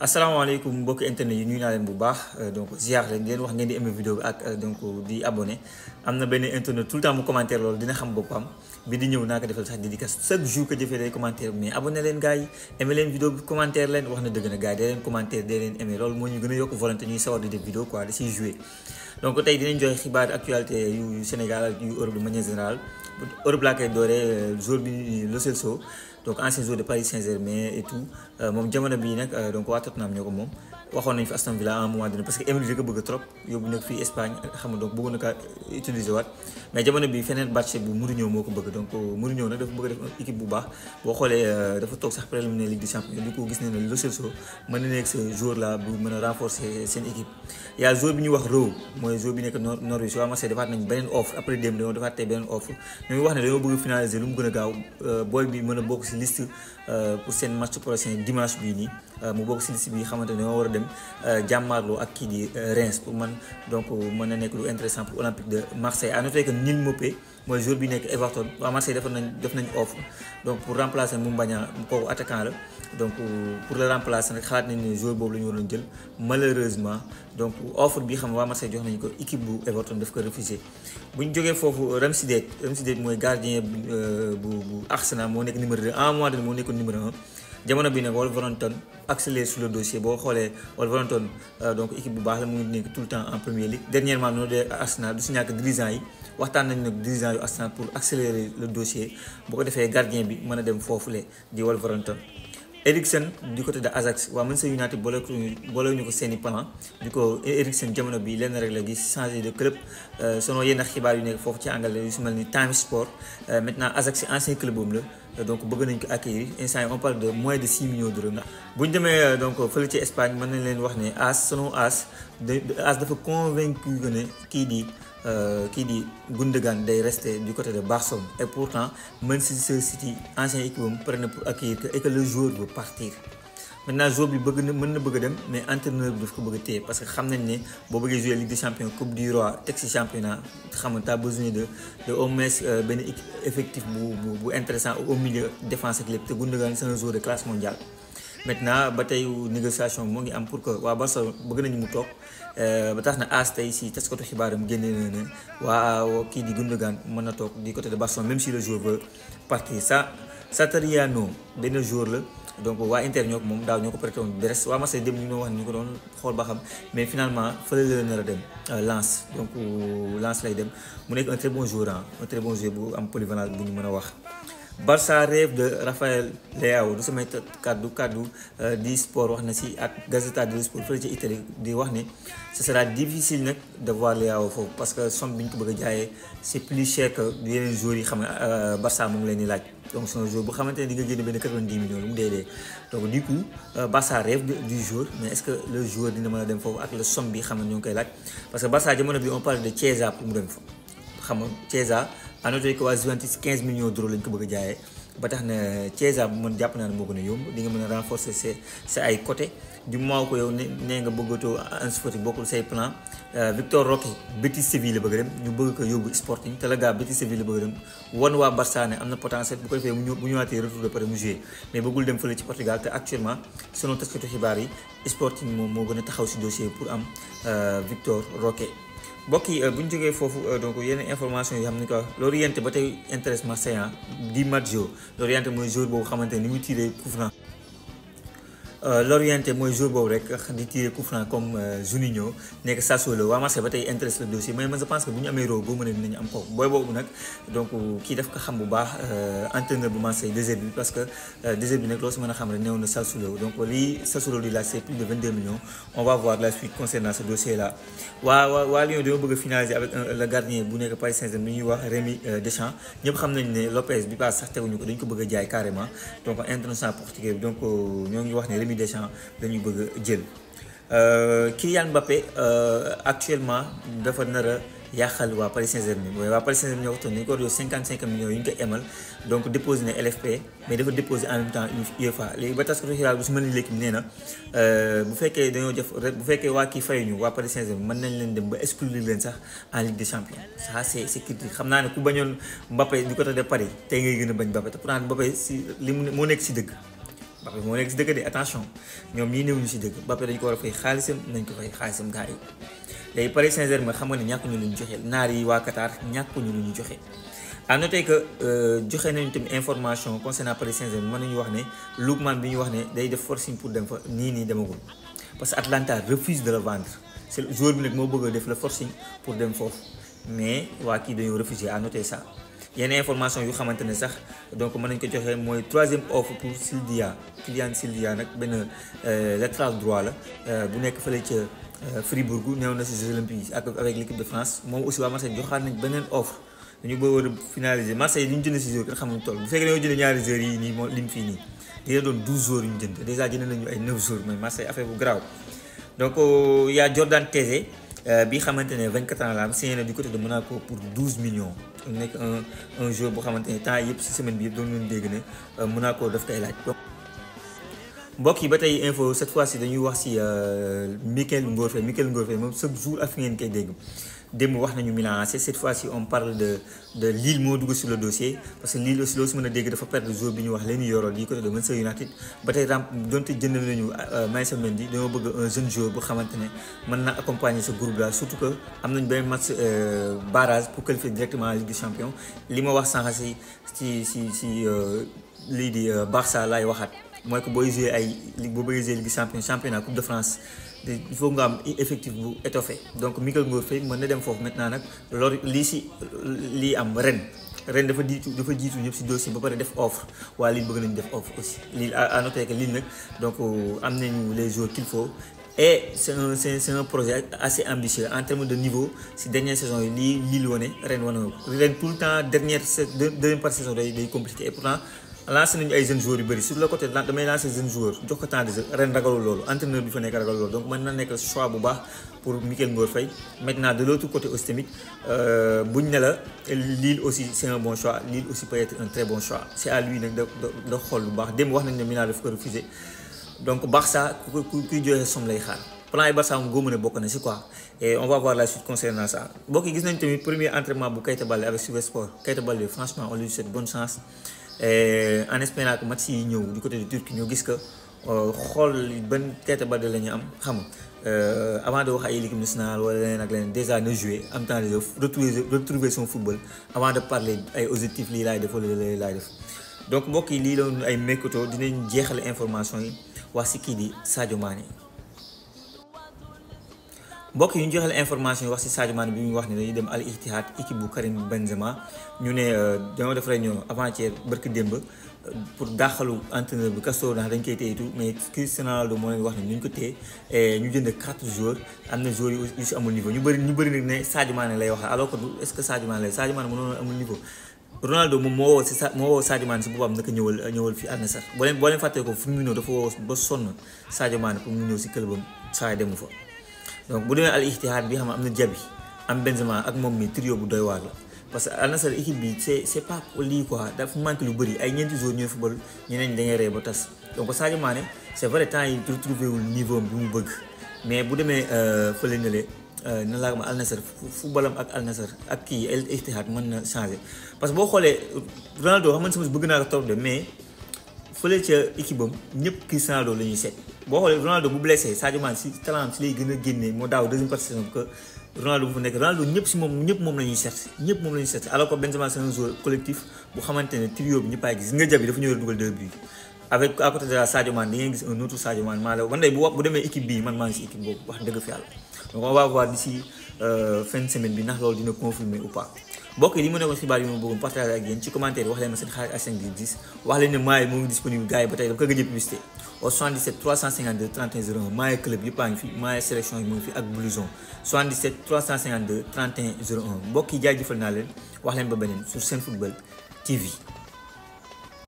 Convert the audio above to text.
alaykum mbokki internet yi ñu naa leen bu baax euh, donc ziar leen ngeen wax ngeen di vidéo ak euh, donc di abonné am na internet tout le temps mu commentaire loolu dina xam boppam bi di ñëw naa defal sax dédicace chaque jour que day commentaire mais abonné gars aimé vidéo bi commentaire leen wax na dëgg na gars commentaire dee leen aimé loolu ñu gën a yokk volonté ñuy sawar vidéo quoi donc Sénégal de manière générale Europe laa koy euh, jour donc en joueur de Paris saint mais et tout euh, moom jamono bii nag euh, donc waa Tottenham ñoo ko moom waxoon nañ fi Aston Villa à un moment parce que Emery ko bëgg trop yóbbu nag fii Espagne xam donc bëggoon na kaa utiliser waat mais jamono bi feneen bàcce bu donc euh, Mourinho nag dafa bëgg def équipe bu baax boo xoolee euh, dafa toog sax préliminaire Ligue nekk sa joueur waa Marseille defaat nañ beneen offre après démb dañoo defaat tey beneen offre euh, mu bokk si liste bi xamante ne dañoo war a dem euh, jàmmaarloo ak kii di euh, Reims pour man donc euh, mën na nekk lu intéressant pour Olympique de Marseille à noter que Neal Maupay mooy jour bi nekk Everton waa Marseille defoon nañ def nañ offre donc pour remplacer Moumbagna kooku attaquant la donc pour le remplacer nag xalaat nañ ne joueur boobu la ñu waroon jël malheureusement donc offre bi xam waa Marseille jox nañ ko équipe bu Everton daf ko refusé buñ ñu jógee foofu Ramsey Détch mooy gardien bu bu Arsenal moo nekk numéro 2 en mois de moo nekkoon numéro 1 jamono bi nag Wolverhampton accélérer sur le dossier boo xoolee Wolverhampton euh, donc équipe bu baax la mu ngi nekk tout le temps en première ligue dernièrement noonu de Arsenal du si ñàkk dirigeant yi waxtaan nañ nag dirigeant yu Arsenal pour accélérer le dossier bu ko defee gardien bi mën a dem foofule di Wolverhampton Eriksen du côté de Ajax waa Manchester United boole boole ñu ko seen i plan du ko Eriksen jamono bi lenn rek la gis changer de club euh, selon yenn xibaar yu nekk foofu ci anglais yu si mel ni Time Sport euh, maintenant Ajax ancien club boobu la donc bëgg nañ ko accueillir instant yi on parle de moins de 6 millions d'euros nga bu demee euh, donc fële ci Espagne mën nañ leen wax ne AS selon AS AS dafa convaincu que ne kii di euh, kii di Gundogan day rester du côté de Barcelone et pourtant Manchester City ancien équipe am pour accueillir que et que le joueur veut partir maintenant je bi bëgg na mais entraîneur bi ko parce que si Ligue des Champions Coupe du Roi championnat xam besoin de de euh, intéressant au milieu défense la défense, te c'est un joueur de classe mondiale. maintenant ba négociation ngi am pour que waa Barça bëgg mu toog euh, na AS si di Gundogan de même si le joueur veut partir ça. Satriano benn jour la donc waa Inter ñoo ko moom daaw ñoo ko prêté woon Brest waa Marseille dem ñu ngi wax ni ñu ko doon xool ba xam mais finalement fële la nar dem euh, Lens donc Lens lay dem mu nekk un très bon joueur un très bon joueur bu am polyvalence bu ñu mën a wax. Barça rêve de Raphaël Leao du samay kaddu kaddu euh, di sport wax na si ak Gazzetta dello Sport fële ci Italie di wax ni ce sera difficile nag de voir Leao foofu parce que somme bi ñu ko bëgg a jaayee c'est plus cher que yeneen joueurs yi xam nga euh, Barça mu leen di laaj donc son joueur bu xamante ne di nga génne benn 90 millions lu mu dee dee donc du coup euh, Barça rêve du joueur mais est-ce que le joueur dina mën a dem foofu ak le somme bi xam nga ñoo ngi xam nga Chiesa à noter que waa Juventus 15 millions d'euros lañ ko bëgg a jaayee ba tax na Chiesa bu mën jàpp naa moo gën a yomb di nga mën a renforcer sa sa ay côté du moment ko yow nee nga bëggatoo Ansu Fati bokkul say plan euh, Victor Roque Betis Séville la bëgg dem ñu bëgg ko yóbbu Sporting te la gaa Betis Séville la bëgg dem wan waa Barça ne am na potentiel bu ko defee mu bu ñëwaatee retour de pare mu joué mais bëggul dem fële ci Portugal te actuellement moom moo gën a taxaw si dossier pour am euh, Victor Roque mbokk yi euh, bu ñu jógee foofu euh, donc yenn information yi xam ni quoi yente ba tey intéresse Marseille di Maggio l'Orienté mooy joueur boobu xamante ni mu tiré coup franc Euh, l'orienté mooy jour boobu rek di tirer coup franc comme euh, Juninho nekk Sassuolo waa Marseille ba tey intéressé le dossier mais man je pense que bu ñu amee réew boo mën a dinañu am kaw booy boobu nag donc kii daf ko xam bu baax euh, entraîneur bu Marseille désert bi parce que désert bi nag loo si mën a xam rek néew na Sassuolo donc lii Sassuolo di laaj c'est plus de 22 millions on va voir la suite concernant ce dossier là waa waa waa Lyon dañoo bëgg a finaliser avec le gardien bu nekk Paris Saint-Germain ñuy wax Rémi Deschamps ñëpp xam nañ ne Lopez bi paas sax teguñu ko dañ ko bëgg a jaay carrément donc international portugais bi donc ñoo ngi wax ne Jérémy Deschamps la bëgg a jël euh, Kylian Mbappé euh, actuellement dafa nar a yàqal waa Paris Saint-Germain mooy waa Paris Saint-Germain ñoo ko toog ko war 55 millions yu ñu ko emal donc déposé na LFP mais dafa déposé en même temps une UEFA léegi ba taskatu xibaar bu su ma léegi nee na euh, bu fekkee dañoo def bu fekkee waa kii fayuñu waa Paris Saint-Germain mën nañ leen dem ba exclure leen sax en Ligue des Champions ça c'est c'est critique xam naa ne ku bañoon Mbappé du côté de Paris tey ngay gën a bañ Mbappé te pourtant Mbappé si li mu moo nekk si dëgg. Mbappé moo nekk si dëkk de attention ñoom ñii néewuñu si dëkk Mbappé dañ ko war a fay xaalisam nañ ko fay xaalisam gars yi léegi Paris Saint-Germain xam nga ne ñàkkuñu lu ñu joxe naar yi waa Qatar ñàkkuñu lu ñu joxe. à noter que euh, joxe nañu tamit information concernant Paris Saint-Germain mën nañu wax ne Lookman bi ñu wax ne day def forcing pour dem fa nii nii demagul parce que Atlanta refuse de le vendre c'est le joueur bi nag moo bëgg a def le forcing pour dem foofu mais waa kii dañoo refuser à noter ça yenn information yu xamante ne sax donc mën nañ ko joxe mooy troisième offre pour Sildia Kylian Sildia nag benn euh, latéral droit la euh, bu nekk fële ca euh, Fribourg néew na si Jeux olympiques ak avec l'équipe de France moom aussi waa Marseille joxaat nañ beneen offre dañu ba war a finaliser Marseille li ñu jënd si joueur kenn xamuñu toll bu fekkee dañoo jënd ñaari joueurs yi nii moom lim fii nii dina doon douze joueurs yu ñu jënd dèjà jënd nañu ay 9 joueurs mais Marseille affaire bu garaaw donc y Jordan Tézé Euh, bi xamante ne 24 ans la am signé di du côté de Monaco pour 12 millions mu nekk un un joueur boo xamante ne temps yëpp si semaine bi yëpp doon nañu dégg ne euh, Monaco daf koy laaj. mbokk yi ba tey info cette fois si dañuy wax si euh, Mikayil Ngor Faye Mikayil Ngor Faye moom chaque jour ak fi ngeen koy dégg. démb wax nañu Milan AC cette fois ci on parle de de Lille moo dugg sur le dossier parce que Lille aussi loo si mën a dégg dafa perdre jour bi ñu wax leen yoroo di côté de Manchester United ba tey rem donte jënd nañu euh, Mason Mendy dama bëgg un jeune joueur bu xamante ne mën na accompagner ce groupe là surtout que am nañ benn match euh, barrage pour qualifier directement Ligue des Champions li ma wax sànq si ci si si euh, lii di Barça lay waxat mooy que boo gisee ay boo bëggee gisee ligue champion championnat coupe de France il faut nga effectivement effectif bu étoffé donc Mikal Ngor Faye mën na dem foofu maintenant nag loolu li si lii am ren ren dafa jiitu dafa jiitu ñëpp si dossier ba pare def offre waa Lille bëgg nañu def offre aussi Lille à noter que Lille nag donc euh, am nañu les joueurs qu'il faut et c'est un c'est un projet assez ambitieux en termes de niveau si dernière saison yi lii Lille wane ren wane ren tout le temps dernière deuxième partie saison day day compliqué et pourtant lancé nañu ay jeunes joueurs yu bëri sur le côté damay lancé jeune joueur jox ko temps de jeu ren ragalul loolu entraîneur bi fa nekk ragalul loolu donc mën na nekk choix bu baax pour Mikayil Ngor Faye maintenant de l' autre côté aussi tamit euh, buñ ne la Lille aussi c' est un bon choix Lille aussi peut être un très bon choix c' est à lui nag de de xool bu baax démb wax nañ ne Milan daf ko refusé donc Barça ku kuy joxe som lay xaar plan Barça moom góobu na bokk na quoi et on va voir la suite concernant ça mbokk yi gis nañ tamit premier entraînement bu Keita balé avec Super Sport Keita Baldé franchement on lui souhaite bonne chance en espérant que match yi du côté de Turquie ñoo gis que euh, xool ban Keita Baldé la ñu am xam nga euh, avant de wax ay équipe nationale wala ak déjà ne jouer am temps de retrouver retrouver son football avant de parler ay objectifs li lay def lay def donc mbokk yi lii ay mercato dinañ jeexal information yi wa sikidi Sadio Mané. bokk yi ñu joxeel information yi wax si Sadio bi ñu wax ne dañuy dem Al Ittihad équipe bu Karim Benzema ñu ne euh, dañoo def réunion avant-hier barki démb euh, pour dàqalu entraîneur bi Castro ndax dañ koy téye tout mais Cristiano Ronaldo moo leen wax ne ñu ko téye ñu jënd quatre joueurs na joueurs yu si ñu bëri ñu bëri nag ne Sadio lay wax alors que est-ce que Sadio Mané lay Sadio Mané mënoon amul niveau. Ronaldo moom moo woo si sa moo woo Sadio si boppam naka ñëwal ñëwal fi Al na boo leen boo leen fàttee ko Firmino dafa woo ba sonn Sadio Mané pour mu ñëw si clubam donc bu demee al ihtihad bi xam am na jabi am Benzema ak moom mi trio bu doy waar la parce que Al Nassr équipe bi c' est c' est pas lii quoi dafa manqué lu ñeneen dañuy rey ba tas donc Sadio Mané c' est vrai temps yi retrouvé wul niveau bi mu bëgg mais bu demee euh, fële ngale euh, na laa ma Al Nassr footballam ak Al Nassr ak kii al ihtihad mën na changé parce que boo xoolee Ronaldo xam nga sama bëgg naa ko trop de mais fële ca équipe am ñëpp Cristiano Ronaldo la ñuy seet boo xoolee Ronaldo bu blessé Sadio si talent si lay gën a génnee moo daaw deuxième partie saison que Ronaldo bu fa nekk Ronaldo ñëpp si moom ñëpp moom la ñuy seet ñëpp moom la ñuy seet alors que Benzema c'est un joueur bu xamante ne trio bi ñëppaay gis nga jabi dafa ñëw dugal deux buts avec à côté de la Sadio Mané gis un autre maa la man day bu bu demee équipe bii man maa ngi si équipe boobu wax dëgg fi yàlla donc on va voir d'ici euh, fin de semaine bi ndax loolu dina confirmer ou pas bon yi li mu nekkoon xibaar yi ma bëggoon partager ak yéen ci commentaire wax leen ma seen xarit Asien bi gis wax leen ne maa yi disponible gars yi ba tey dama ko gëj a au 77 352 31 01 maa club yëpp a ngi fi maa sélection yi mu ngi fi ak blouson 77 352 31 01 mbokk yi jaajëfal naa leen wax leen ba beneen sur football TV